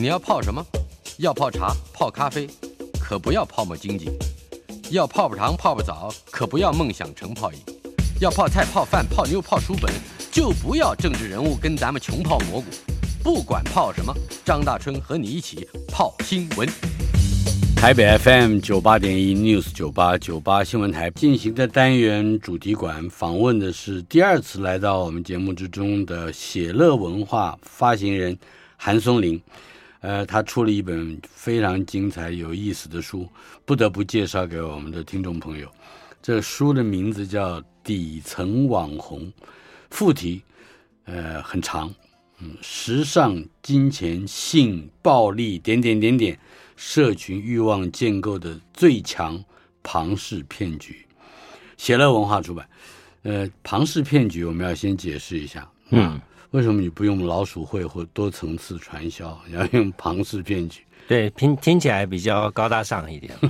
你要泡什麼？要泡茶、泡咖啡，可不要泡沫經濟；要泡泡糖、泡泡澡，可不要夢想成泡影；要泡菜、泡飯、泡妞、泡書本，就不要政治人物跟咱們窮泡蘑菇。不管泡什麼，張大春和你一起泡新聞。台北 FM 九八點一 News 九八九八新聞台，進行的單元主題館訪問的是第二次來到我們節目之中的寫樂文化發行人韓嵩齡。呃，他出了一本非常精彩、有意思的書，不得不介紹給我們的聽眾朋友。這個書的名字叫《底層網紅》，副題呃很長，嗯，時尚、金錢、性、暴力，點點點點，社群欲望建構的最強龐氏騙局。寫樂文化出版。呃，龐氏騙局我們要先解釋一下，嗯。嗯為什麼你不用老鼠會或多層次傳銷，要用龐氏騙局？對，聽聽起來比較高大上一點。 的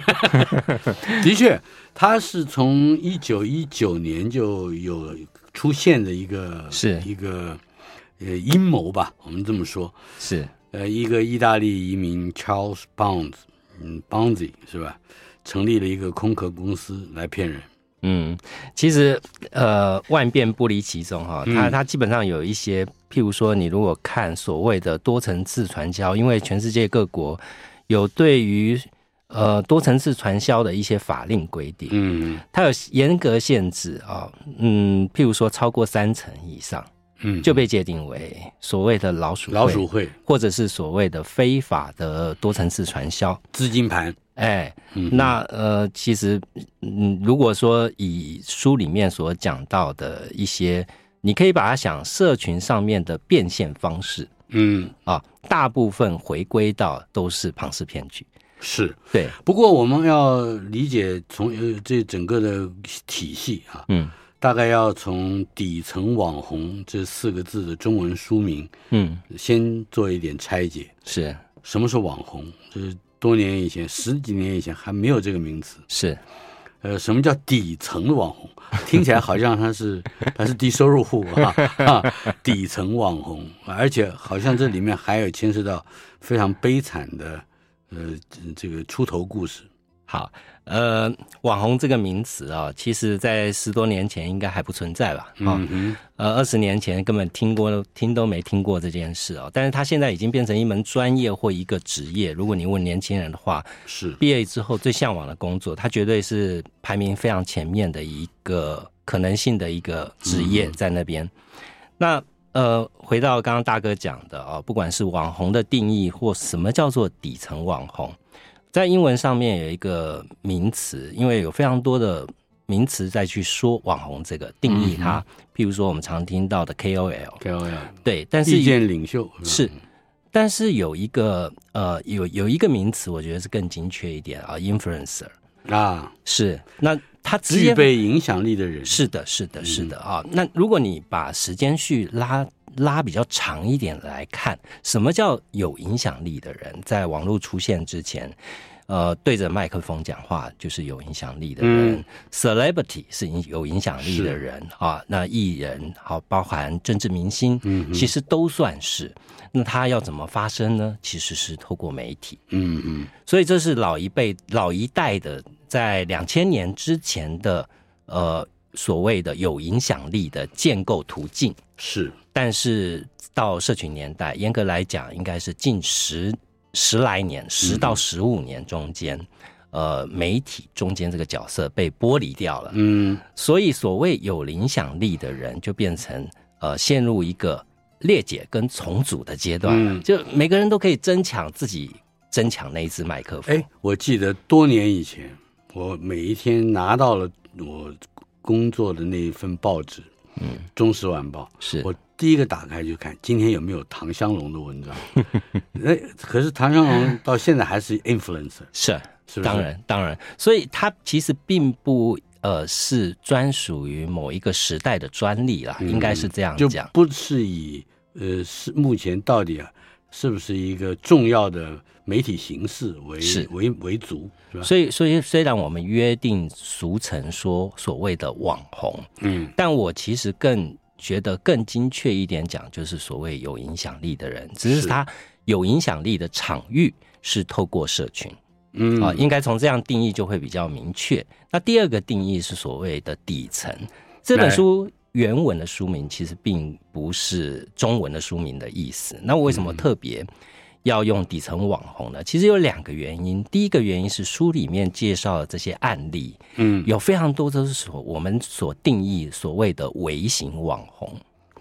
確，它是從一九一九年就有出現的一個是一個呃陰謀吧，我們這麼說。是呃，一個意大利移民 Charles Ponzi，嗯，Ponzi 是吧，成立了一個空殼公司來騙人。嗯，其實呃，萬變不離其宗哈，它它基本上有一些，譬如說，你如果看所謂的多層次傳銷，因為全世界各國有對於呃多層次傳銷的一些法令規定，嗯，它有嚴格限制啊，嗯，譬如說超過三層以上，嗯，就被界定為所謂的老鼠會老鼠會，或者是所謂的非法的多層次傳銷資金盤。哎，那呃，其實，嗯，如果說以書裡面所講到的一些，你可以把它想社群上面的變現方式，嗯啊，大部分回歸到都是龐氏騙局，是，對。不過我們要理解從呃這整個的體系啊，嗯，大概要從底層網紅這四個字的中文書名，嗯，先做一點拆解。是，什麼是網紅？就是。多年以前，十幾年以前還沒有這個名詞。是，呃，什麼叫底層的網紅？聽起來好像他是他 是低收入戶啊，啊，底層網紅，而且好像這裡面還有牽涉到非常悲慘的，呃，這個出頭故事。好。呃，網紅這個名詞啊，其實在十多年前應該還不存在吧？啊，嗯、呃，二十年前根本聽過，聽都沒聽過這件事啊。但是他現在已經變成一門專業或一個職業。如果你問年輕人的話，是畢業之後最向往的工作，他絕對是排名非常前面的一個可能性的一個職業在那邊。嗯、那呃，回到剛剛大哥講的哦、啊，不管是網紅的定義或什麼叫做底層網紅。在英文上面有一個名詞，因為有非常多的名詞在去說網紅這個定義它。嗯、譬如說我們常聽到的 KOL，KOL KOL，對但是，意見領袖是、嗯，但是有一個呃有有一個名詞，我覺得是更精確一點啊，influencer 啊是。那他具備影響力的人是的，是，的是，的是的，是、嗯、的，是的啊。那如果你把時間去拉。拉比較長一點來看，什麼叫有影響力的人？在網絡出現之前，呃，對着麥克風講話就是有影響力的人。嗯。Celebrity 是有影響力的人啊，那藝人好，包含政治明星，嗯，其實都算是。那他要怎麼發聲呢？其實是透過媒體。嗯嗯。所以這是老一輩、老一代的，在兩千年之前的呃所謂的有影響力的建構途徑是。但是到社群年代，嚴格來講，應該是近十十來年，十到十五年中間，嗯，呃，媒體中間這個角色被剝離掉了。嗯，所以所謂有影響力的人，就變成呃，陷入一個裂解跟重組的階段，嗯，就每個人都可以爭搶自己爭搶那一支麥克風。哎，我記得多年以前，我每一天拿到了我工作的那一份報紙。嗯《中時晚報》是我第一個打開就看，今天有沒有唐香龍的文章？那 可是唐香龍到現在還是 influencer， 是，是不是？當然當然，所以他其實並不是呃是專屬於某一個時代的專利啦，嗯、應該是這樣講，就不是以呃是目前到底啊。是不是一個重要的媒體形式為是為為主？所以所以雖然我們約定俗成說所謂的網紅，嗯，但我其實更覺得更精確一點講，就是所謂有影響力的人，只是他有影響力的場域是透過社群，嗯啊、哦，應該從這樣定義就會比較明確、嗯。那第二個定義是所謂的底層，這本書、哎。原文的書名其實並不是中文的書名的意思。那我為什麼特別要用底層網紅呢？嗯、其實有兩個原因。第一個原因是書裡面介紹的這些案例，嗯，有非常多都是所我們所定義所謂的微型網紅。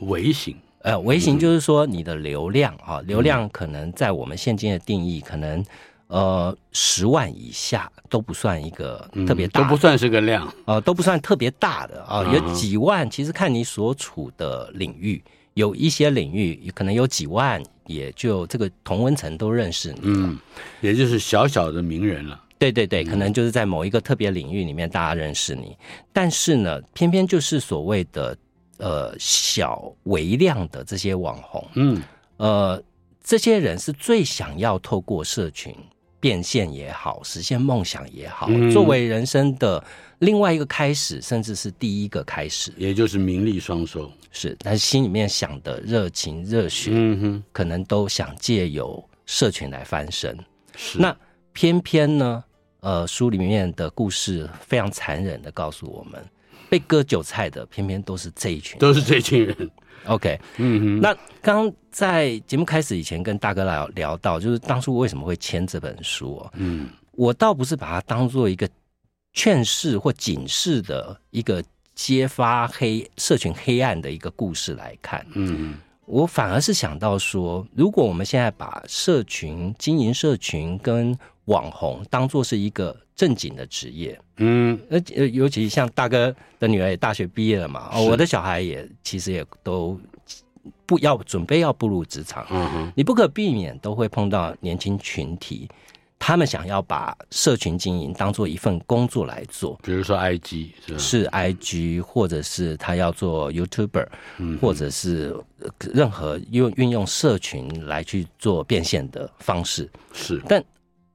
微型，呃，微型就是說你的流量啊、嗯，流量可能在我們現今的定義可能。呃，十萬以下都不算一個特別大的，嗯，都不算是個量啊，呃，都不算特別大的啊，呃嗯。有幾萬，其實看你所處的領域，有一些領域可能有幾萬，也就這個同溫層都認識你。嗯，也就是小小的名人了。對對對，嗯，可能就是在某一個特別領域裡面，大家認識你。但是呢，偏偏就是所謂的呃小微量的這些網紅，嗯，呃，這些人是最想要透過社群。變現也好，實現夢想也好，作為人生的另外一個開始，甚至是第一個開始，也就是名利雙收。是，但心裡面想的熱情熱血，嗯哼，可能都想借由社群來翻身。是，那偏偏呢，呃，書裡面的故事非常殘忍的告訴我們，被割韭菜的偏偏都是這一群人，都是這群人。OK，嗯，那剛在節目開始以前跟大哥聊聊到，就是當初為什麼會簽這本書啊，嗯，我倒不是把它當做一個勸世或警示的一個揭發黑社群黑暗的一個故事來看，嗯。我反而是想到說，如果我們現在把社群經營、社群跟網紅當做是一個正經的職業，嗯，那尤其像大哥的女兒也大學畢業了嘛，哦，我的小孩也其實也都不要準備要步入職場，嗯哼，你不可避免都會碰到年輕群體。他們想要把社群經營當做一份工作來做，比如說 IG 是，是，是 IG，或者是他要做 YouTuber，、嗯、或者是、呃、任何用運用社群來去做變現的方式是。但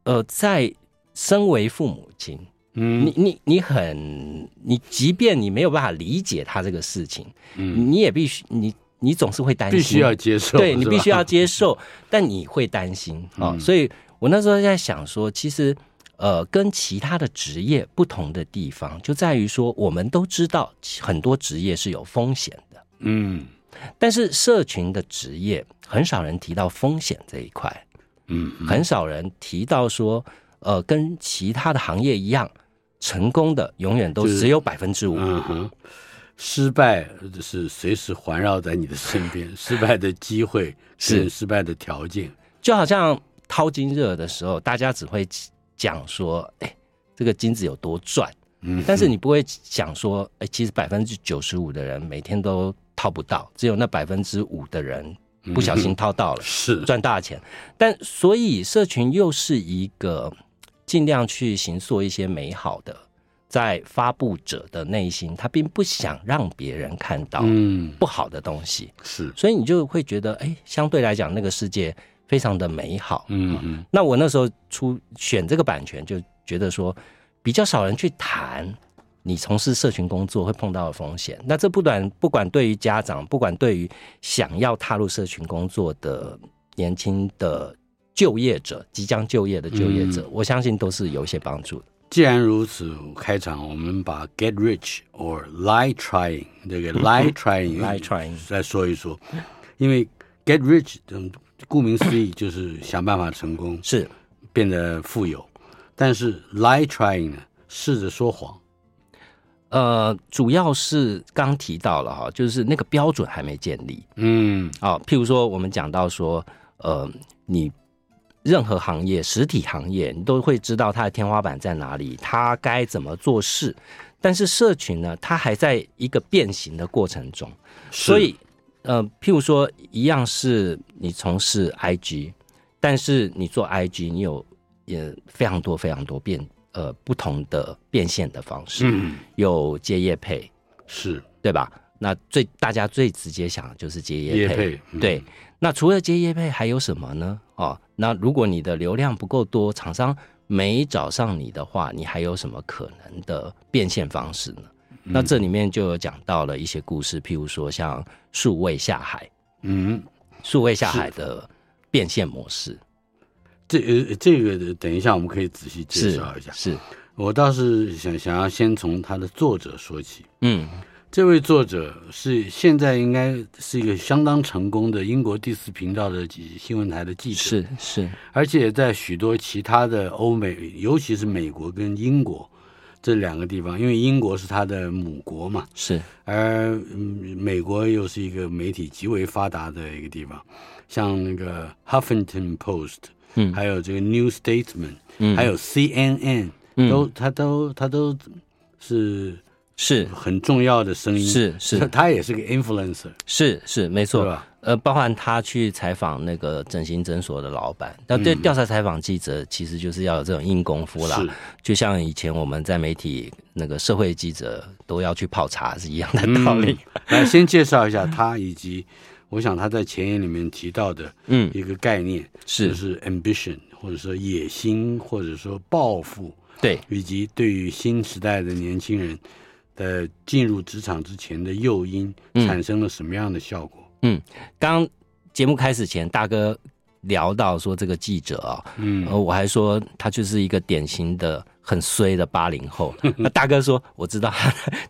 呃，在身為父母親，嗯，你你你很你，即便你沒有辦法理解他這個事情，嗯，你也必須你你總是會擔心，必須要接受，對，你必須要接受， 但你會擔心啊、哦嗯，所以。我那時候在想說，其實，呃，跟其他的職業不同的地方就在於說，我們都知道很多職業是有風險的，嗯，但是社群的職業很少人提到風險這一塊，嗯，嗯，很少人提到說，呃，跟其他的行業一樣，成功的永遠都只有百分之五，失敗是隨時環繞在你的身邊， 失敗的機會是失敗的條件，就好像。淘金熱的時候，大家只會講說：“哎、欸，這個金子有多賺。”嗯，但是你不會講說：“哎、欸，其實百分之九十五的人每天都淘不到，只有那百分之五的人不小心淘到了，嗯、是賺大錢。”但所以社群又是一個儘量去形塑一些美好的，在發布者的內心，他並不想讓別人看到嗯不好的東西、嗯、是，所以你就會覺得，哎、欸，相對來講那個世界。非常的美好，嗯嗯。那我那時候出選這個版權，就覺得說比較少人去談你從事社群工作會碰到的風險。那這不管不管對於家長，不管對於想要踏入社群工作的年輕的就業者，即將就業的就業者，嗯、我相信都是有一些幫助的。既然如此，開場我們把 “get rich or lie trying” 這個 “lie trying”“lie trying”、嗯、再說一說，因為 “get rich” 顧名思義，就是想辦法成功，是變得富有。但是 lie trying 呢？試着說謊，呃，主要是剛提到了哈，就是那個標準還沒建立。嗯，啊、哦，譬如說我們講到說，呃，你任何行業，實體行業，你都會知道它的天花板在哪裡，它該怎麼做事。但是社群呢，它還在一個變形的過程中，所以。呃，譬如說，一樣是你從事 IG，但是你做 IG，你有也非常多、非常多變，呃，不同的變現的方式。嗯，有接業配，是對吧？那最大家最直接想的就是接業配。業配、嗯、對。那除了接業配，還有什麼呢？哦，那如果你的流量不夠多，廠商沒找上你的話，你還有什麼可能的變現方式呢？嗯，那這裡面就有講到了一些故事，譬如說像數位下海，嗯，數位下海的變現模式，這呃，這個等一下我們可以仔細介紹一下。是，是，我倒是想，想要先從他的作者說起。嗯，這位作者是現在應該是一個相當成功的英國第四頻道的新聞台的記者，是是，而且在許多其他的歐美，尤其是美國跟英國。這兩個地方，因為英國是他的母國嘛，是，而美國又是一個媒體極為發達的一個地方，像那個《Huffington Post》，嗯，還有這個《New Statement》，嗯，還有 CNN，嗯，都，他都，他都是。是很重要的聲音，是是，他也是個 influencer，是是沒錯，呃，包含他去採訪那個整形診所的老板，嗯、那對調查採訪記者，其實就是要有這種硬功夫啦，是就像以前我們在媒體那個社會記者都要去泡茶是一樣的道理。來、嗯， 先介紹一下他，以及我想他在前言裡面提到的，嗯，一個概念是、嗯就是 ambition，是或者說野心，或者說抱負。對，以及對於新時代的年輕人。呃，進入職場之前的誘因產生了什麼樣的效果？嗯，剛節目開始前，大哥聊到說這個記者啊，哦，嗯，而我還說他就是一個典型的很衰的八零後呵呵。那大哥說，我知道，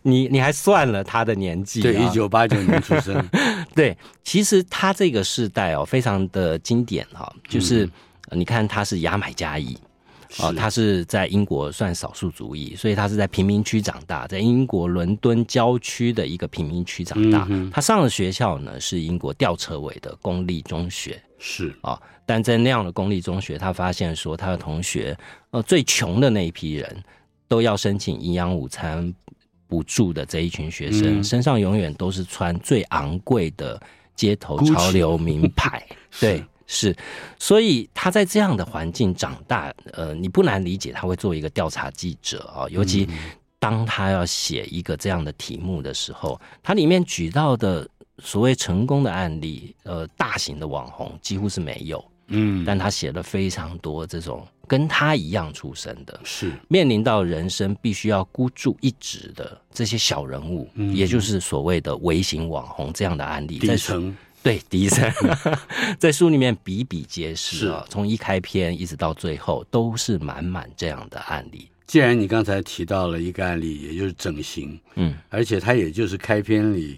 你你還算了他的年紀，啊，對，一九八九年出生。 對，其實他這個世代哦，非常的經典哈，哦，就是，嗯呃，你看他是牙買加裔。哦，他是在英國算少數族裔，所以他是在貧民區長大，在英國倫敦郊區的一個貧民區長大。嗯、他上的學校呢是英國吊車尾的公立中學。是啊、哦，但在那樣的公立中學，他發現說他的同學，呃，最窮的那一批人都要申請營養午餐補助的這一群學生，嗯、身上永遠都是穿最昂貴的街頭潮流名牌。 對。是，所以他在這樣的環境長大，呃，你不難理解他會做一個調查記者啊。尤其當他要寫一個這樣的題目的時候，嗯，他裡面舉到的所謂成功的案例，呃，大型的網紅幾乎是沒有。嗯，但他寫了非常多這種跟他一樣出身的，是面臨到人生必須要孤注一擲的這些小人物，嗯，也就是所謂的微型網紅這樣的案例。對，迪生， 在書裡面比比皆是，是啊、哦，從一開篇一直到最後都是滿滿這樣的案例。既然你剛才提到了一個案例，也就是整形，嗯，而且它也就是開篇裡，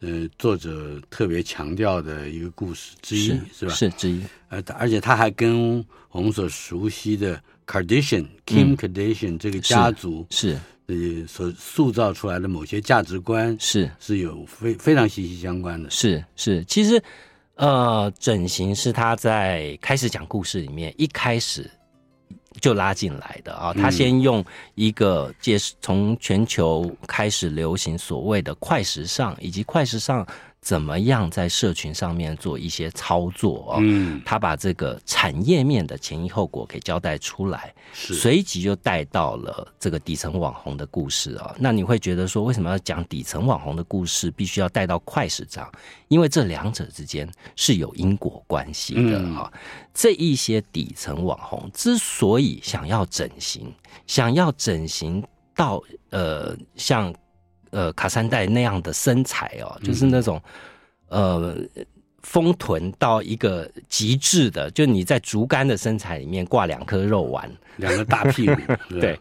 呃，作者特別強調的一個故事之一，是，是吧？是之一，呃，而且他還跟我們所熟悉的 Kardashian Kim Kardashian、嗯、這個家族是。是所塑造出來的某些價值觀是是有非非常息息相關的是。是是，其實，呃，整形是他在開始講故事裡面一開始就拉進來的啊。他先用一個介從全球開始流行所謂的快時尚，以及快時尚。怎麼樣在社群上面做一些操作、哦？嗯，他把這個產業面的前因後果給交代出來，隨即就帶到了這個底層網紅的故事啊、哦。那你會覺得說，為什麼要講底層網紅的故事？必須要帶到快時尚，因為這兩者之間是有因果關係的哈、哦嗯。這一些底層網紅之所以想要整形，想要整形到呃像。呃，卡山代那樣的身材哦，嗯、就是那種，呃，豐臀到一個極致的，就你在竹竿的身材裡面掛兩顆肉丸，兩個大屁股， 對，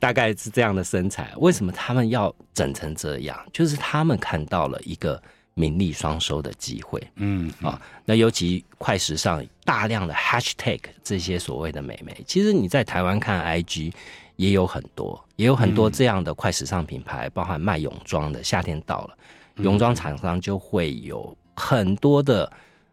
大概是這樣的身材、嗯。為什麼他們要整成這樣？就是他們看到了一個名利雙收的機會。嗯啊、嗯哦，那尤其快時尚大量的 hashtag 這些所謂的美眉，其實你在台灣看 IG。也有很多，也有很多這樣的快時尚品牌，嗯、包含賣泳裝的。夏天到了，泳裝廠商就會有很多的、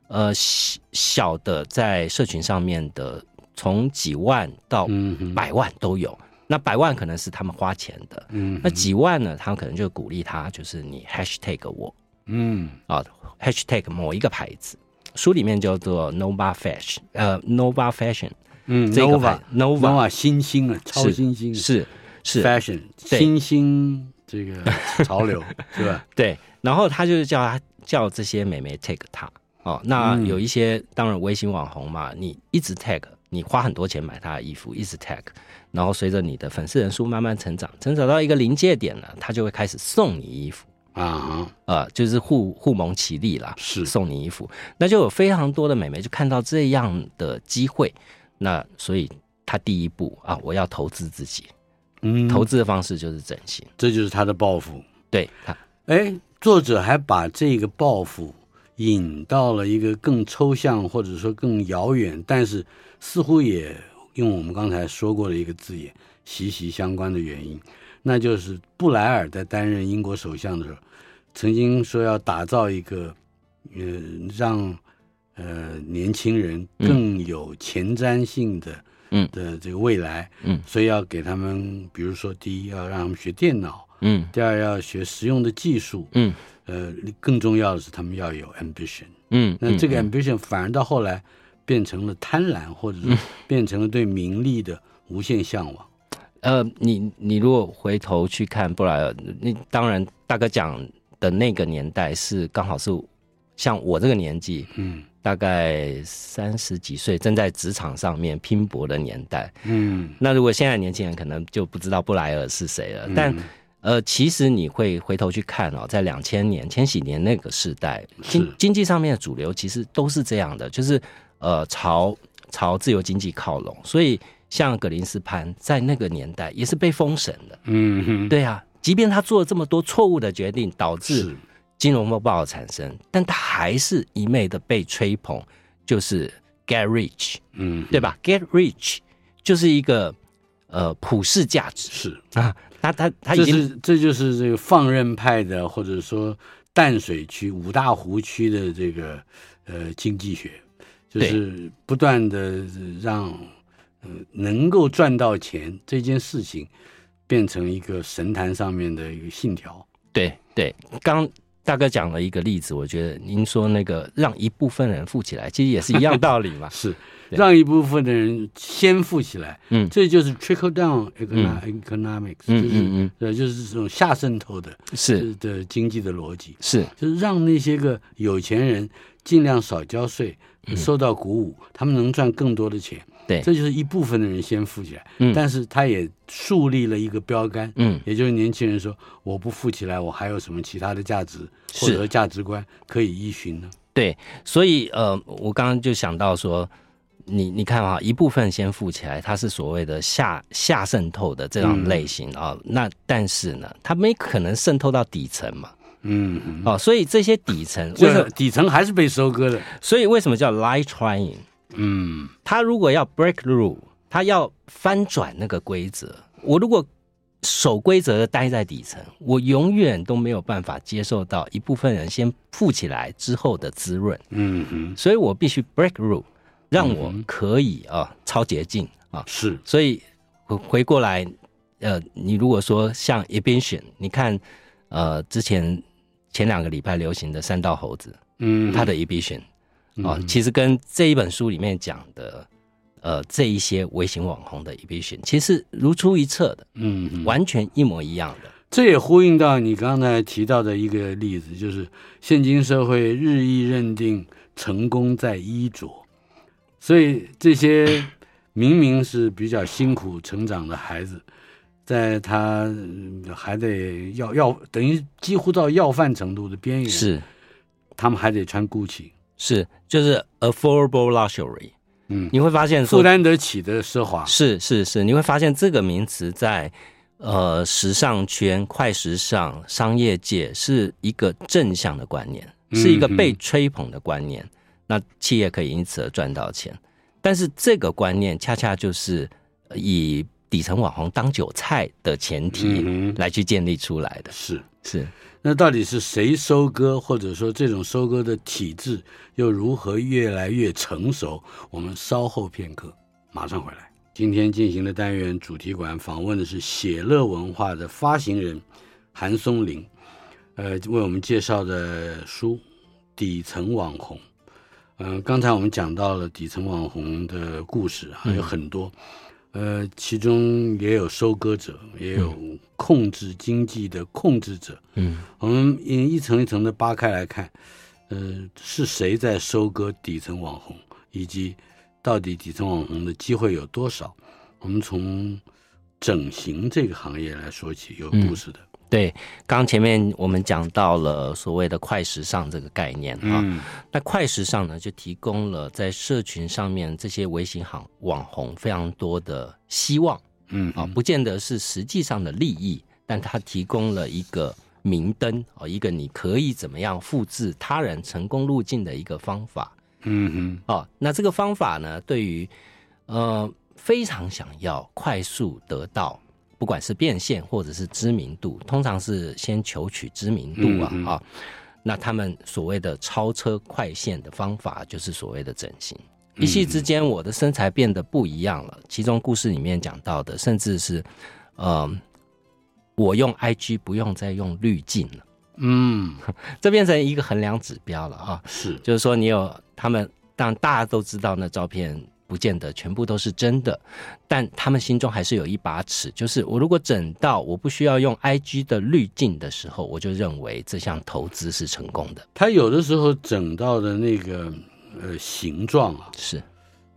嗯、呃小的在社群上面的，從幾萬到百萬都有、嗯嗯。那百萬可能是他們花錢的，嗯嗯、那幾萬呢？他們可能就鼓勵他，就是你 hashtag 我，嗯啊、哦、hashtag 某一個牌子，書裡面叫做 Nova Fashion，呃 Nova Fashion。嗯、這個、Nova, Nova,，Nova Nova 新星啊，超新星是是,是，Fashion 新星這個潮流 是吧？對。然後他就是叫他叫這些美眉 tag 他哦，那有一些、嗯、當然微信網紅嘛，你一直 tag，你花很多錢買他的衣服，一直 tag，然後隨着你的粉絲人數慢慢成長，成長到一個臨界點了，他就會開始送你衣服啊啊、嗯呃，就是互互蒙其利啦，是送你衣服，那就有非常多的美眉就看到這樣的機會。那所以他第一步啊，我要投資自己，投資的方式就是整形，嗯、這就是他的抱負。對他，哎，作者還把這個抱負引到了一個更抽象或者說更遙遠，但是似乎也用我們剛才說過的一個字眼息息相關的原因，那就是布萊爾在擔任英國首相的時候，曾經說要打造一個，嗯、呃，讓。呃，年輕人更有前瞻性的，嗯，的這個未來，嗯，所以要給他們，比如說，第一要讓他們學電腦，嗯，第二要學實用的技術，嗯，呃，更重要的是他們要有 ambition，嗯，那這個 ambition 反而到後來變成了貪婪，或者是變成了對名利的無限嚮往。呃，你你如果回頭去看布萊爾，那當然大哥講的那個年代是剛好是像我這個年紀，嗯。大概三十幾歲，正在職場上面拼搏的年代。嗯，那如果現在年輕人可能就不知道布萊爾是誰了。嗯、但呃，其實你會回頭去看哦，在兩千年、千禧年那個時代，經經濟上面的主流其實都是這樣的，就是呃，朝朝自由經濟靠攏。所以像格林斯潘在那個年代也是被封神的。嗯哼，對啊，即便他做了這麼多錯誤的決定，導致金融風暴產生，但他還是一味的被吹捧，就是 get rich，嗯，對吧？get rich 就是一個呃普世價值。是啊，他他他已經這，是這就是這個放任派的，或者說淡水區、五大湖區的這個呃經濟學，就是不斷的讓，呃，能夠賺到錢這件事情變成一個神壇上面的一個信條。對對，剛。大哥講了一個例子，我覺得您說那個讓一部分人富起來，其實也是一樣道理嘛。 是，讓一部分的人先富起來，嗯，這就是 trickle down economics，嗯，就是嗯，嗯，就是這種下滲透的，是，是的經濟的邏輯。是，就是讓那些個有錢人儘量少交稅，受到鼓舞，嗯，他們能賺更多的錢。對，這就是一部分的人先富起來，嗯，但是他也樹立了一個標杆，嗯，也就是年輕人說，我不富起來，我還有什麼其他的價值或者價值觀可以依循呢？對，所以呃，我剛剛就想到說，你你看啊，一部分先富起來，它是所謂的下下滲透的這種類型啊、嗯哦，那但是呢，它沒可能滲透到底層嘛，嗯，哦，所以這些底層為什麼底層還是被收割的？所以為什麼叫 “Lie Trying”？嗯，他如果要 break through，他要翻轉那個規則。我如果守規則待在底層，我永遠都沒有辦法接受到一部分人先富起來之後的滋潤。嗯哼、嗯，所以我必須 break through，讓我可以啊嗯嗯超捷徑啊。是，所以回過來，呃，你如果說像 evolution 你看，呃，之前前兩個禮拜流行的三道猴子，嗯，嗯，他的 evolution 啊、哦，其實跟這一本書裡面講的，呃，這一些微型網紅的 evolution 其實如出一轍的，嗯，完全一模一樣的。這也呼應到你剛才提到的一個例子，就是現今社會日益認定成功在衣着，所以這些明明是比較辛苦成長的孩子，在他還得要要等於幾乎到要飯程度的邊緣，是他們還得穿 GUCCI。是，就是 affordable luxury，嗯，你會發現負擔得起的奢華是是是，你會發現這個名詞在呃時尚圈、快時尚、商業界是一個正向的觀念，是一個被吹捧的觀念。嗯、那企業可以因此而賺到錢，但是這個觀念恰恰就是以底層網紅當韭菜的前提來去建立出來的，是、嗯、是。是那到底是誰收割，或者說這種收割的體製又如何越來越成熟？我們稍後片刻，馬上回來。今天進行的單元主題館訪問的是寫樂文化的發行人韓嵩齡，呃，為我們介紹的書《底層網紅》呃。嗯，剛才我們講到了底層網紅的故事還有很多。嗯呃，其中也有收割者，也有控制經濟的控制者。嗯，我們一層一層一層的扒開來看，呃，是誰在收割底層網紅，以及到底底層網紅的機會有多少？我們從整形這個行業來說起，有故事的。嗯對，剛前面我們講到了所謂的快時尚這個概念啊、嗯哦，那快時尚呢，就提供了在社群上面這些微型行網紅非常多的希望，嗯啊、嗯哦，不見得是實際上的利益，但它提供了一個明燈哦，一個你可以怎麼樣複製他人成功路徑的一個方法，嗯哼，哦，那這個方法呢，對於呃非常想要快速得到。不管是變現或者是知名度，通常是先求取知名度啊嗯嗯啊！那他們所謂的超車快線的方法，就是所謂的整形。嗯嗯一夕之間，我的身材變得不一樣了。其中故事裡面講到的，甚至是嗯、呃，我用 I G 不用再用濾鏡了。嗯， 這變成一個衡量指標了啊！是，就是說你有他們，當大家都知道那照片。不見得全部都是真的，但他們心中還是有一把尺，就是我如果整到我不需要用 IG 的濾鏡的時候，我就認為這項投資是成功的。他有的時候整到的那個呃形狀啊，是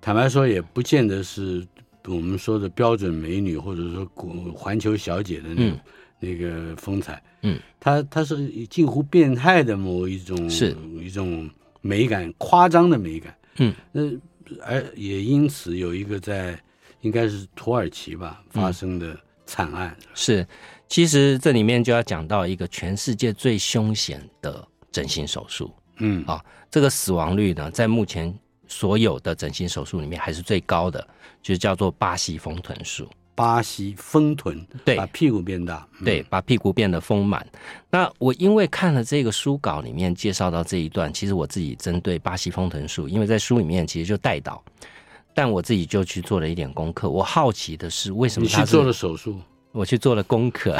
坦白說也不見得是我們說的標準美女，或者說環球小姐的那種、嗯、那個風采。嗯，他他是近乎變態的某一種是一種美感，誇張的美感。嗯，那。而也因此有一個在，應該是土耳其吧發生的慘案、嗯。是，其實這裡面就要講到一個全世界最凶險的整形手術。嗯，啊，這個死亡率呢，在目前所有的整形手術裡面還是最高的，就是、叫做巴西豐臀術。巴西豐臀，對，把屁股變大，對、嗯，把屁股變得豐滿。那我因為看了這個書稿裡面介紹到這一段，其實我自己針對巴西豐臀術，因為在書裡面其實就帶到，但我自己就去做了一點功課。我好奇的是，為什麼他你去做了手術？我去做了功課，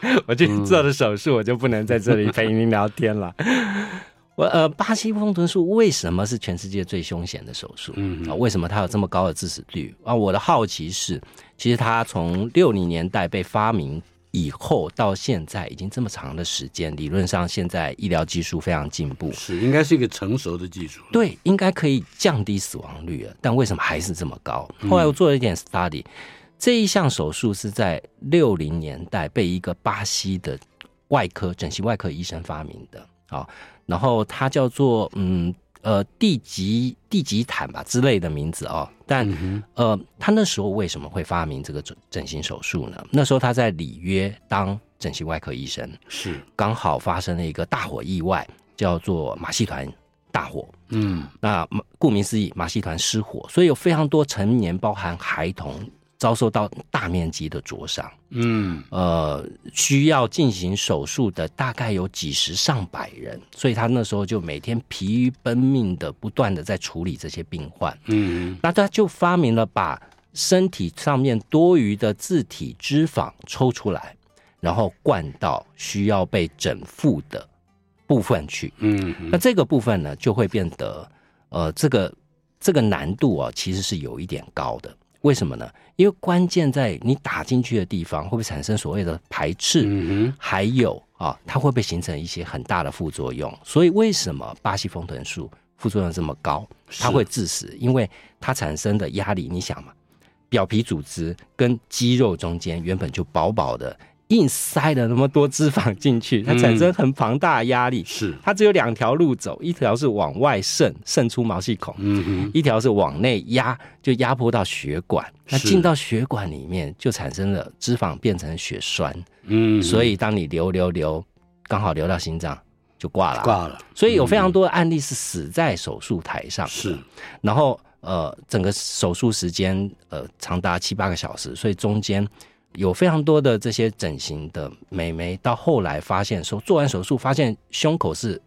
我去做了手術，我就不能在這裡陪您聊天了。嗯 我呃，巴西豐臀術為什麼是全世界最兇險的手術？啊、嗯，為什麼它有這麼高的致死率？啊，我的好奇是，其實它從六零年代被發明以後到現在已經這麼長的時間，理論上現在醫療技術非常進步，是應該是一個成熟的技術，對，應該可以降低死亡率了。但為什麼還是這麼高？後來我做了一點 study、嗯、這一項手術是在六零年代被一個巴西的外科整形外科醫生發明的，啊、哦。然後他叫做嗯呃地吉地吉坦吧之類的名字哦，但、嗯、呃他那時候為什麼會發明這個整形手術呢？那時候他在里約當整形外科醫生，是剛好發生了一個大火意外，叫做馬戲團大火。嗯，那顧名思義，馬戲團失火，所以有非常多成年，包含孩童。遭受到大面積的灼傷，嗯，呃，需要進行手術的大概有幾十上百人，所以他那時候就每天疲於奔命的，不斷的在處理這些病患，嗯，那他就發明了把身體上面多餘的自體脂肪抽出來，然後灌到需要被整復的部分去，嗯，嗯，那這個部分呢就會變得，呃，這個這個難度啊其實是有一點高的。為什麼呢？因為關鍵在你打進去的地方會不會產生所謂的排斥，嗯哼，還有啊，它會不會形成一些很大的副作用？所以為什麼巴西豐臀術副作用這麼高？它會致死，因為它產生的壓力，你想嘛，表皮組織跟肌肉中間原本就薄薄的。硬塞了那麼多脂肪進去，它產生很龐大的壓力。嗯、是它只有兩條路走，一條是往外滲，滲出毛細孔，嗯、一條是往內壓，就壓迫到血管。那進到血管裡面，就產生了脂肪變成血栓。嗯，所以當你流流流，剛好流到心臟，就掛了、啊、了，掛、嗯、了。所以有非常多的案例是死在手術台上。是，然後呃，整個手術時間呃長達七八個小時，所以中間。有非常多的這些整形的美眉，到後來發現說做完手術，發現胸口是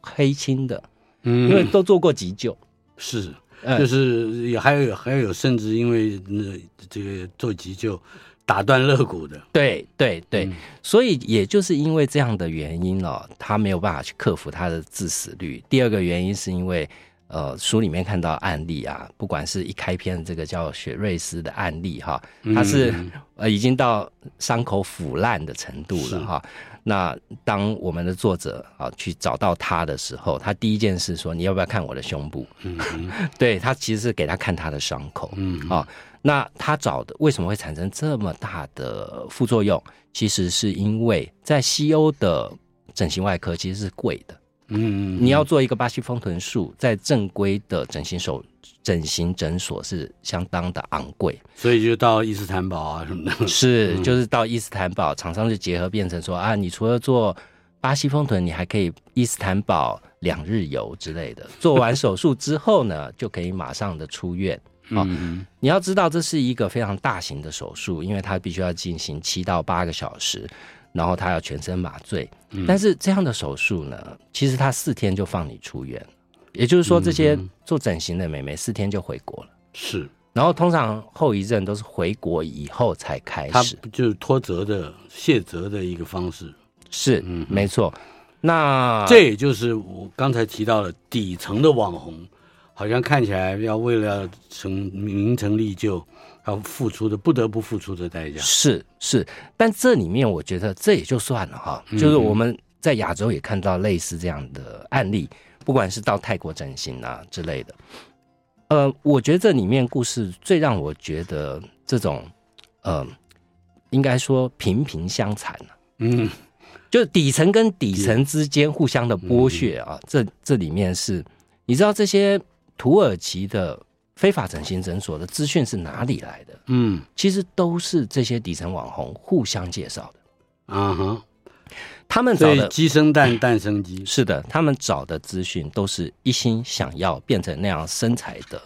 黑青的，嗯，因為都做過急救，是，嗯、就是有還有還有甚至因為這這個做急救打斷肋骨的，對對對、嗯，所以也就是因為這樣的原因哦，他沒有辦法去克服他的致死率。第二個原因是因為。呃，書裡面看到案例啊，不管是一開篇這個叫雪瑞斯的案例哈，他是呃已經到傷口腐爛的程度了哈。嗯嗯，那當我們的作者啊去找到他的時候，他第一件事說，你要不要看我的胸部？嗯嗯 對，他其實是給他看他的傷口嗯嗯啊。那他找的為什麼會產生這麼大的副作用？其實是因為在西歐的整形外科其實是貴的。嗯，嗯，嗯，你要做一個巴西豐臀術，在正規的整形手整形診所是相當的昂貴，所以就到伊斯坦堡啊什麼的，嗯、是就是到伊斯坦堡，廠商就結合變成說啊，你除了做巴西豐臀，你還可以伊斯坦堡兩日遊之類的。做完手術之後呢， 就可以馬上的出院。啊，你要知道這是一個非常大型的手術，因為它必須要進行七到八個小時，然後它要全身麻醉。但是這樣的手術呢，其實它四天就放你出院，也就是說，這些做整形的美眉四天就回國了。是、嗯嗯，然後通常後遺症都是回國以後才開始，他就是脫責的、卸責的一個方式。是，沒錯。那這也就是我剛才提到了底層的網紅。好像看起來要為了要成名成利，就要付出的不得不付出的代價。是是，但這裡面我覺得這也就算了哈、啊嗯，就是我們在亞洲也看到類似這樣的案例，不管是到泰國整形啊之類的。呃，我覺得這裡面故事最讓我覺得這種，呃應該說貧貧相殘、啊、嗯，就是底層跟底層之間互相的剝削啊，嗯、這這裡面是，你知道這些。土耳其的非法整形診所的資訊是哪裡來的？嗯，其實都是這些底層網紅互相介紹的。啊、嗯、哈，他們找的雞生蛋，蛋生雞。是的，他們找的資訊都是一心想要變成那樣身材的。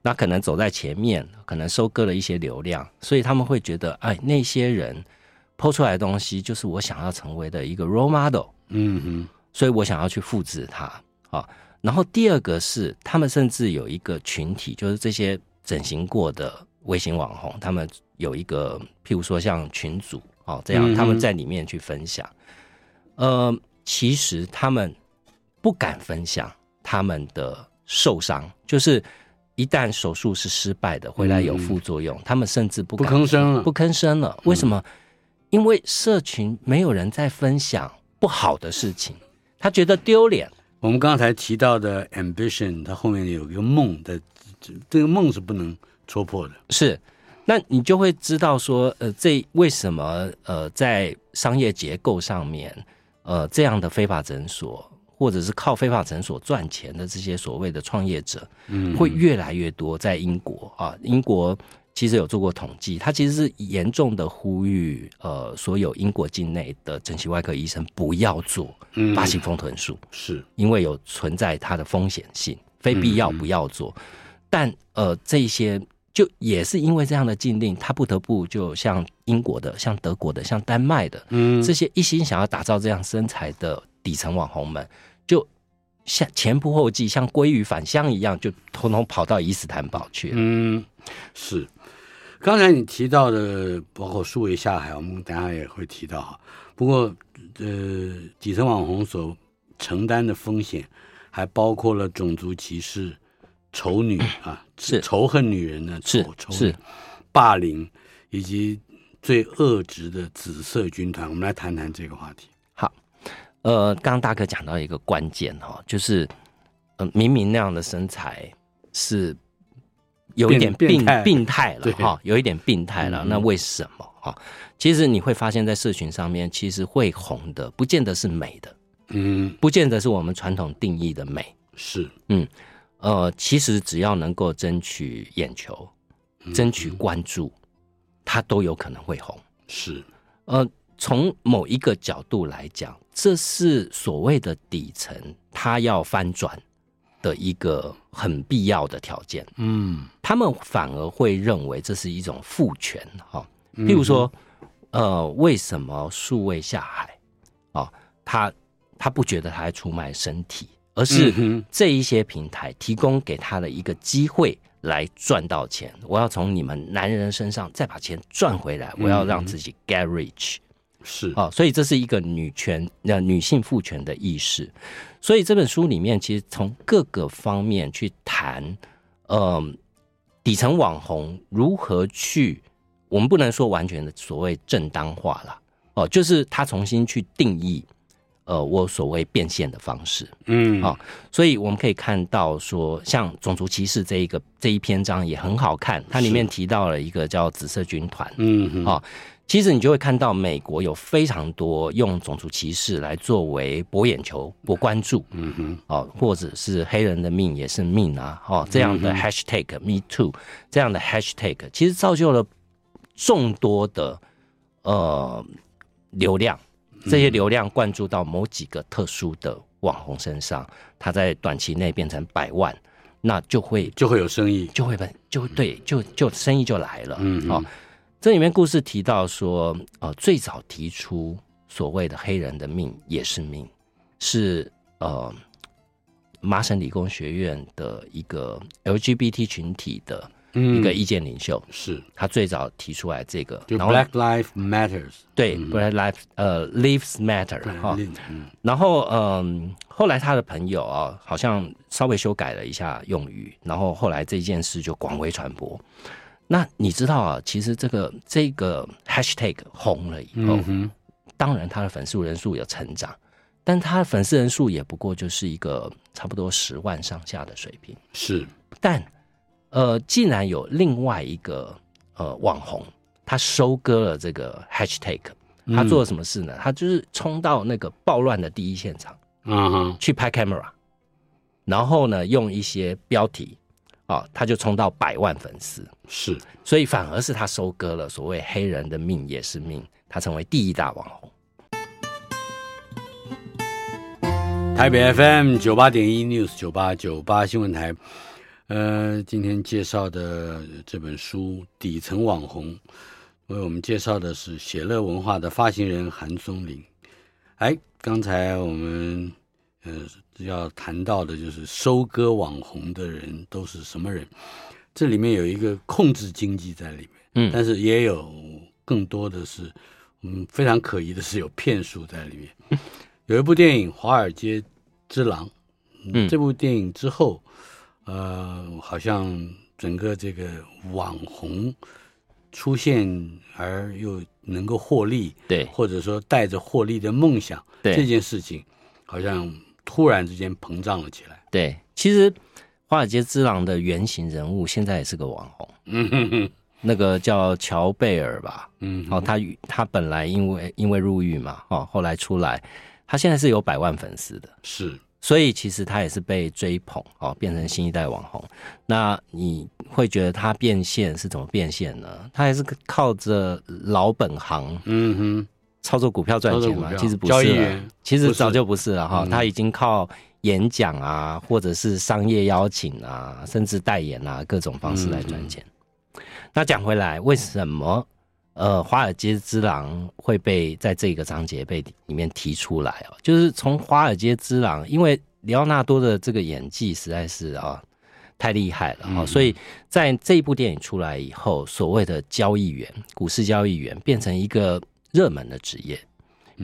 那可能走在前面，可能收割了一些流量，所以他們會覺得，哎，那些人 po 出來的東西就是我想要成為的一個 role model。嗯哼，所以我想要去複製它啊。然後第二個是，他們甚至有一個群體，就是這些整形過的微信網紅，他們有一個，譬如說像群主哦這樣，他們在裡面去分享、嗯。呃，其實他們不敢分享他們的受傷，就是一旦手術是失敗的，回來有副作用，嗯、他們甚至不敢不吭聲了，不吭聲了。為什麼、嗯？因為社群沒有人在分享不好的事情，他覺得丟臉。我們剛才提到的 ambition，它後面有一個夢在，這個夢是不能戳破的。是，那你就會知道說，呃，這為什麼呃，在商業結構上面，呃，這樣的非法診所或者是靠非法診所賺錢的這些所謂的創業者，嗯，會越來越多在英國啊，英國。其實有做過統計，他其實是嚴重的呼籲，呃，所有英國境內的整形外科醫生不要做巴西豐臀術，是因為有存在它的風險性，非必要不要做。嗯、但呃，這些就也是因為這樣的禁令，他不得不就像英國的、像德國的、像丹麥的，嗯，這些一心想要打造這樣身材的底層網紅們，就像前仆後繼，像鮭魚返鄉一樣，就通通跑到伊斯坦堡去了。嗯。是，剛才你提到的，包括數位下海，我們等下也會提到哈。不過，呃，底層網紅所承擔的風險，還包括了種族歧視、仇女啊，是仇恨女人的，是是霸凌，以及最惡質的紫色軍團。我們來談談這個話題。好，呃，剛剛大哥講到一個關鍵哈，就是，嗯、呃，明明那樣的身材是。有一點病變變病態了哈，有一點病態了。那為什麼哈、嗯？其實你會發現在社群上面，其實會紅的，不見得是美的，嗯，不見得是我們傳統定義的美。是，嗯，呃，其實只要能夠爭取眼球，嗯，爭取關注，它都有可能會紅。是，呃，從某一個角度來講，這是所謂的底層，它要翻轉。的一個很必要的條件，嗯，他們反而會認為這是一種賦權，哈，譬如說、嗯，呃，為什麼數位下海、哦、他他不覺得他還出賣身體，而是這一些平台提供給他的一個機會來賺到錢。我要從你們男人身上再把錢賺回來，我要讓自己 get rich。嗯是啊、哦，所以這是一個女權、呃、女性父權的意識，所以這本書裡面其實從各個方面去談，嗯、呃，底層網紅如何去，我們不能說完全的所謂正當化了，哦，就是他重新去定義，呃，我所謂變現的方式，嗯，好、哦，所以我們可以看到說像，像種族歧視這一個這一篇章也很好看，它裡面提到了一個叫紫色軍團，嗯，哦其實你就會看到美國有非常多用種族歧視來作為博眼球、博關注，嗯哼，哦，或者是黑人的命也是命啊，哦，這樣的 hashtag、嗯、me too，這樣的 hashtag，其實造就了眾多的呃流量，這些流量灌注到某幾個特殊的網紅身上、嗯，它在短期內變成百萬，那就會就會有生意，就會本就會對就就生意就來了，嗯這裡面故事提到說，呃，最早提出所謂的“黑人的命也是命”，是呃麻省理工學院的一個 LGBT 群體的一個意見領袖，是、嗯、他最早提出來這個。然後、The、Black Life Matters，對、嗯、，Black Life 呃 Lives、uh, Matter 哈、嗯。然後嗯，後來他的朋友啊，好像稍微修改了一下用語，然後後來這件事就廣為傳播。那你知道啊，其實這個這個 hashtag 紅了以後，嗯，當然他的粉絲人數有成長，但他的粉絲人數也不過就是一個差不多十萬上下的水平。是，但呃，既然有另外一個呃網紅，他收割了這個 hashtag，嗯，他做了什麼事呢？他就是衝到那個暴亂的第一現場，嗯哼，去拍 camera，然後呢，用一些標題。哦，他就衝到百萬粉絲。是，所以反而是他收割了所謂黑人的命也是命，他成為第一大網紅。台北 FM 九八點一 News 九八九八新聞台，呃，今天介紹的這本書《底層網紅》，為我們介紹的是寫樂文化的發行人韓嵩齡。哎，剛才我們。呃，要談到的就是收割網紅的人都是什麼人？這裡面有一個控制經濟在裡面，嗯，但是也有更多的是，嗯，非常可疑的是有騙術在裡面。有一部電影《華爾街之狼》，嗯，嗯，這部電影之後，呃，好像整個這個網紅出現而又能夠獲利，對，或者說帶着獲利的夢想，對，這件事情，好像。突然之間膨脹了起來。對，其實《華爾街之狼》的原型人物現在也是個網紅，嗯哼哼，那個叫喬貝爾吧，嗯，哦，他他本來因為因為入獄嘛，哦，後來出來，他現在是有百萬粉絲的，是，所以其實他也是被追捧，哦，變成新一代網紅。那你會覺得他變現是怎麼變現呢？他還是靠着老本行，嗯哼。操作股票賺錢嘛？其實不是,交易員不是，其實早就不是了哈、嗯嗯。他已經靠演講啊，或者是商業邀請啊，甚至代言啊，各種方式來賺錢。嗯嗯那講回來，為什麼呃，華爾街之狼會被在這個章節被裡面提出來哦？就是從華爾街之狼，因為裡奧納多的這個演技實在是啊、哦、太厲害了哈、嗯嗯，所以在這一部電影出來以後，所謂的交易員、股市交易員變成一個。熱門的職業，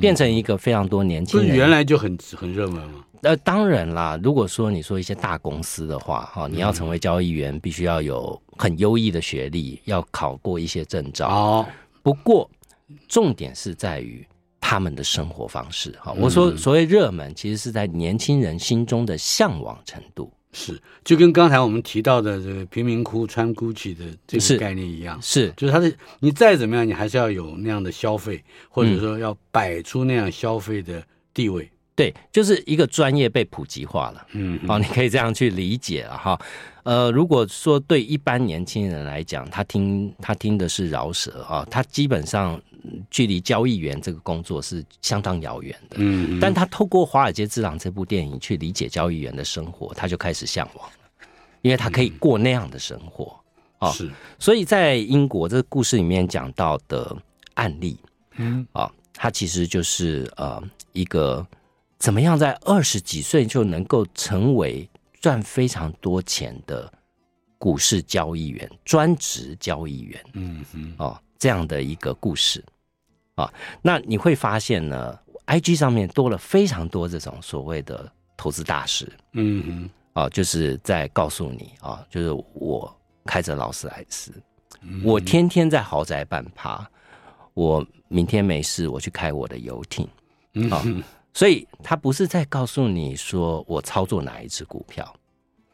變成一個非常多年輕人、嗯、原來就很很熱門嗎？那、呃、當然啦。如果說你說一些大公司的話，哈、嗯，你要成為交易員，必須要有很優異的學歷，要考過一些證照、哦、不過，重點是在於他們的生活方式。哈，我說所謂熱門，其實是在年輕人心中的嚮往程度。是，就跟剛才我們提到的這個貧民窟穿 Gucci 的這個概念一樣，是，是就是他的，你再怎麼樣，你還是要有那樣的消費，或者說要擺出那樣消費的地位。嗯對，就是一個專業被普及化了，嗯，嗯，哦，你可以這樣去理解了、啊、哈。呃，如果說對一般年輕人來講，他聽他聽的是饒舌啊、哦，他基本上距離交易員這個工作是相當遙遠的，嗯，嗯，但他透過《華爾街之狼》這部電影去理解交易員的生活，他就開始嚮往了，因為他可以過那樣的生活、嗯、哦，是，所以在英國這個故事裡面講到的案例，嗯，啊、哦，它其實就是呃一個。怎麼樣在二十幾歲就能夠成為賺非常多錢的股市交易員、專職交易員？嗯哼，哦，這樣的一個故事啊、哦，那你會發現呢，IG 上面多了非常多這種所謂的投資大師。嗯哼，哦，就是在告訴你啊、哦，就是我開着勞斯萊斯，我天天在豪宅辦趴，我明天沒事，我去開我的遊艇。嗯哼。哦所以他不是在告訴你說我操作哪一支股票，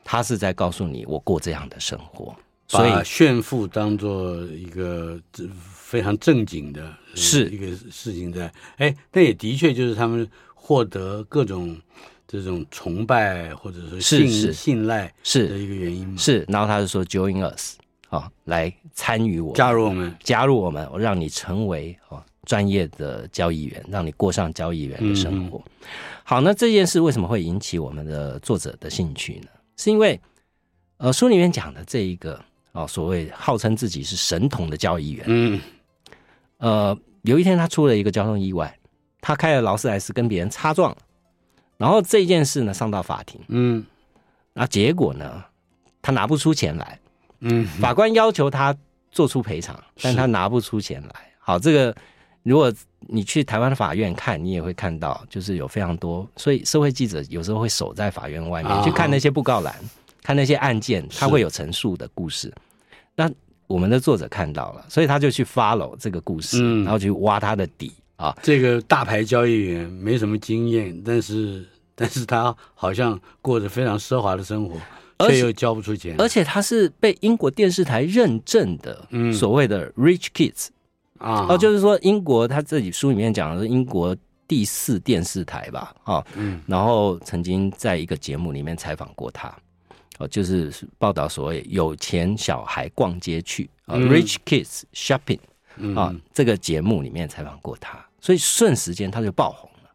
他是在告訴你我過這樣的生活。所以把炫富當做一個非常正經的是一個事情在。哎，但也的確就是他們獲得各種這種崇拜或者說信任信信賴是的一個原因是。是，然後他就說 Join us 啊、哦，來參與我們，加入我們，加入我們，我讓你成為啊。哦專業的交易員，讓你過上交易員的生活。嗯。好，那這件事為什麼會引起我們的作者的興趣呢？是因為，呃，書裡面講的這一個哦，呃，所謂號稱自己是神童的交易員，嗯，呃，有一天他出了一個交通意外，他開了勞斯萊斯跟別人擦撞，然後這件事呢上到法庭，嗯，那結果呢，他拿不出錢來，嗯，法官要求他做出賠償，但他拿不出錢來。好，這個。如果你去台灣的法院看，你也會看到，就是有非常多。所以社會記者有時候會守在法院外面、啊、去看那些布告欄，看那些案件，他會有陳述的故事。那我們的作者看到了，所以他就去 follow 這個故事，嗯、然後去挖他的底啊。這個大牌交易員沒什麼經驗，但是但是他好像過着非常奢華的生活，卻又交不出錢。而且他是被英國電視台認證的、嗯、所謂的 rich kids。啊，哦，就是說英國他自己書裡面講的是英國第四電視台吧，啊、哦，嗯，然後曾經在一個節目裡面採訪過他，哦，就是報道所謂有錢小孩逛街去啊、哦嗯，Rich Kids Shopping 啊、哦嗯，這個節目裡面採訪過他，所以瞬時間他就爆紅了，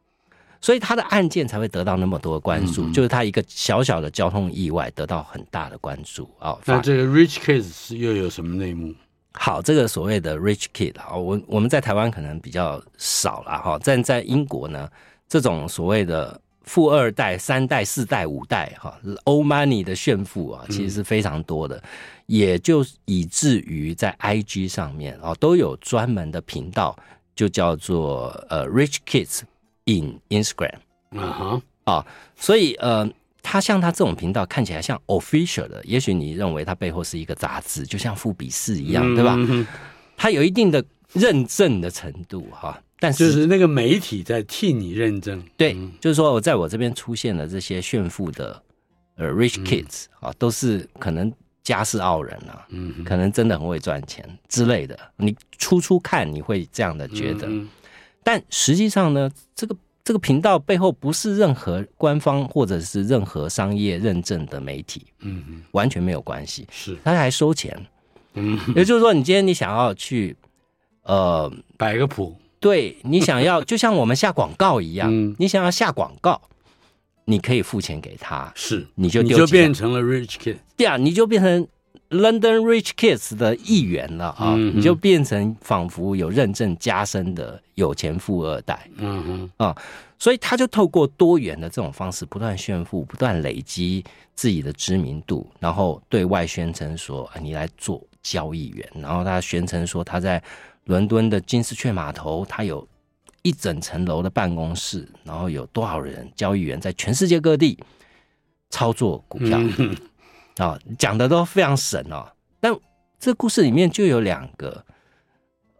所以他的案件才會得到那麼多的關注、嗯，就是他一個小小的交通意外得到很大的關注啊、哦。那這個 Rich Kids 是又有什麼內幕？好，這個所謂的 rich kid，啊，我我們在台灣可能比較少了哈，但在英國呢，這種所謂的富二代、三代、四代、五代哈，old money 的炫富啊，其實是非常多的，嗯、也就以至於在 IG 上面，啊，都有專門的頻道，就叫做呃、uh, rich kids in Instagram，啊哈，啊、uh-huh. 哦，所以呃。他像他這種頻道看起來像 official 的，也許你認為他背後是一個雜誌，就像《富比士》一樣，對吧、嗯嗯嗯？他有一定的認證的程度哈、啊，但是就是那個媒體在替你認證。嗯、對，就是說我在我這邊出現了這些炫富的呃、uh, rich kids、嗯、啊，都是可能家世傲人啊、嗯，可能真的很會賺錢之類的。你初初看你會這樣的覺得，嗯、但實際上呢，這個。這個頻道背後不是任何官方或者是任何商業認證的媒體，嗯嗯，完全沒有關係，是他還收錢，嗯，也就是說，你今天你想要去，呃，擺個譜，對，你想要 就像我們下廣告一樣，嗯，你想要下廣告，你可以付錢給他，是你就你就變成了 rich kid，對啊，你就變成。London rich kids 的一員了啊，你就變成仿佛有認證加身的有錢富二代。嗯啊，所以他就透過多元的這種方式，不斷炫富，不斷累積自己的知名度，然後對外宣稱說：“你來做交易員。”然後他宣稱說：“他在倫敦的金絲雀碼頭，他有一整層樓的辦公室，然後有多少人交易員在全世界各地操作股票。”啊、哦，講的都非常神哦。但這故事裡面就有兩個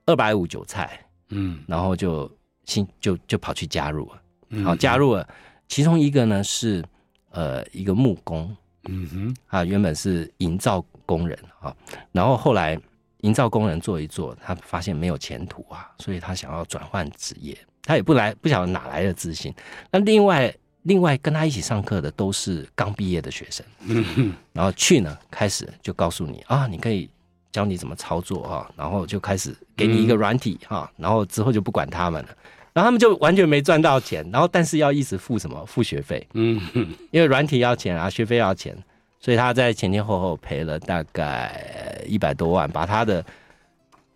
二百五韭菜，嗯，然後就進就就跑去加入了，嗯、好加入了。其中一個呢是呃一個木工，嗯哼，啊原本是營造工人啊、哦，然後後來營造工人做一做，他發現沒有前途啊，所以他想要轉換職業，他也不來不曉得哪來的自信。那另外。另外跟他一起上課的都是剛畢業的學生，然後去呢開始就告訴你啊，你可以教你怎麼操作啊，然後就開始給你一個軟體啊，然後之後就不管他們了，然後他們就完全沒賺到錢，然後但是要一直付什麼付學費，嗯，因為軟體要錢啊，學費要錢，所以他在前前後後賠了大概一百多萬，把他的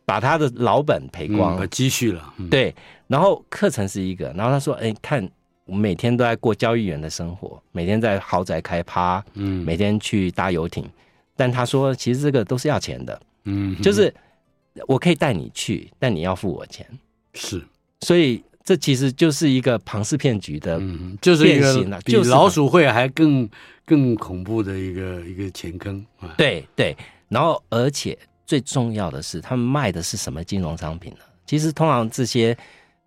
把他的老本賠光了，積蓄了，對，然後課程是一個，然後他說，哎，看。我每天都在過交易員的生活，每天在豪宅開趴，嗯，每天去搭遊艇，嗯。但他說，其實這個都是要錢的，嗯，就是我可以帶你去，但你要付我錢。是，所以這其實就是一個龐氏騙局的變形，啊嗯，就是一個比老鼠會還更更恐怖的一個一個錢坑。嗯、對對，然後而且最重要的是，他們賣的是什麼金融商品呢？其實通常這些。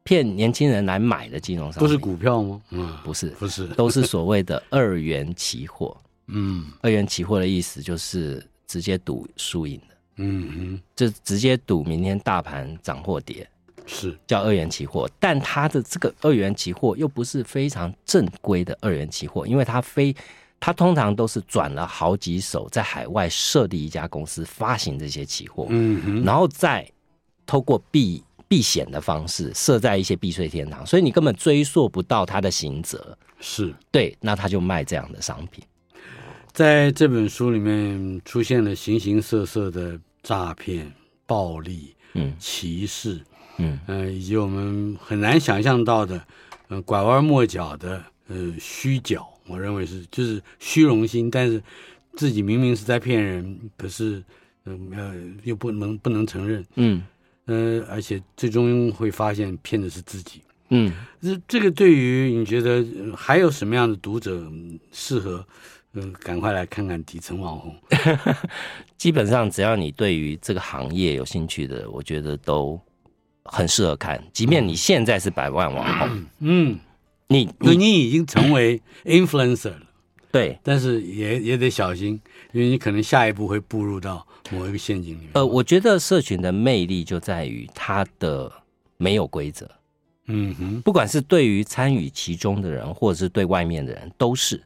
騙年輕人來買的金融商品不是股票嗎？嗯，不是，不是，都是所謂的二元期貨。 嗯，二元期貨的意思就是直接賭輸贏的。嗯哼，就直接賭明天大盤漲或跌。是叫二元期貨，但它的這個二元期貨又不是非常正規的二元期貨，因為它非它通常都是轉了好幾手，在海外設立一家公司發行這些期貨。嗯哼，然後再透過幣。避險的方式設在一些避稅天堂，所以你根本追溯不到他的刑責。是對，那他就賣這樣的商品。在這本書裡面出現了形形色色的詐騙、暴力、嗯，歧視，嗯、呃、以及我們很難想象到的，嗯、呃，拐彎抹角的，呃，虛角。我認為是就是虛榮心，但是自己明明是在騙人，可是嗯呃，呃又不能不能承認，嗯。呃，而且最終會發現騙的是自己。嗯，這這個對於你覺得還有什麼樣的讀者適合？嗯、呃，趕快來看看底層網紅。 基本上只要你對於這個行業有興趣的，我覺得都很適合看。即便你現在是百萬網紅，嗯，你嗯你，你已經成為 influencer 了，對，但是也也得小心，因為你可能下一步會步入到。某一個陷阱裡面。呃，我覺得社群的魅力就在於它的沒有規則。嗯哼，不管是對於參與其中的人，或者是對外面的人，都是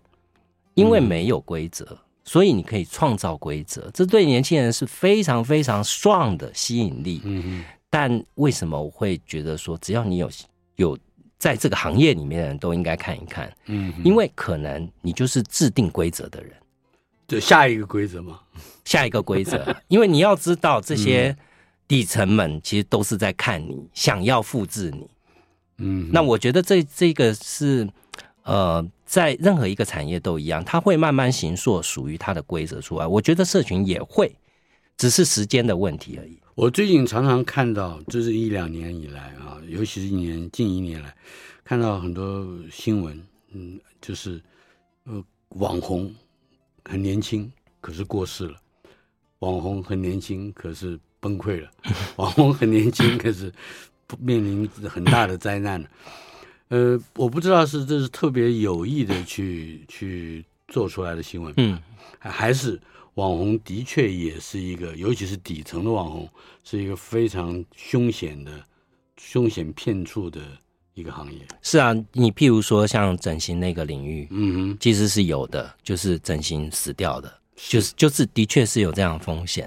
因為沒有規則，所以你可以創造規則。這對年輕人是非常非常 strong 的吸引力。嗯哼，但為什麼我會覺得說，只要你有有在這個行業裡面的人都應該看一看。嗯哼，因為可能你就是制定規則的人。就下一個規則嘛，下一個規則， 因為你要知道這些底層們其實都是在看你，嗯、想要複製你，嗯，那我覺得這這個是呃，在任何一個產業都一樣，它會慢慢形塑屬於它的規則出來。我覺得社群也會，只是時間的問題而已。我最近常常看到，就是一兩年以來啊，尤其是一年近一年來，看到很多新聞，嗯，就是呃網紅。很年輕，可是過世了；網紅很年輕，可是崩潰了；網紅很年輕，可是面臨很大的災難了。呃，我不知道是這是特別有意的去去做出來的新聞，嗯，還是網紅的確也是一個，尤其是底層的網紅，是一個非常凶險的、凶險騙術的。一個行業是啊，你譬如說像整形那個領域，嗯哼，其實是有的，就是整形死掉的，是就是就是的確是有這樣的風險，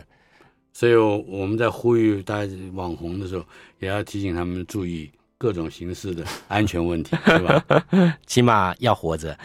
所以我們在呼籲大家網紅的時候，也要提醒他們注意各種形式的安全問題，是 對吧？ 起碼要活着。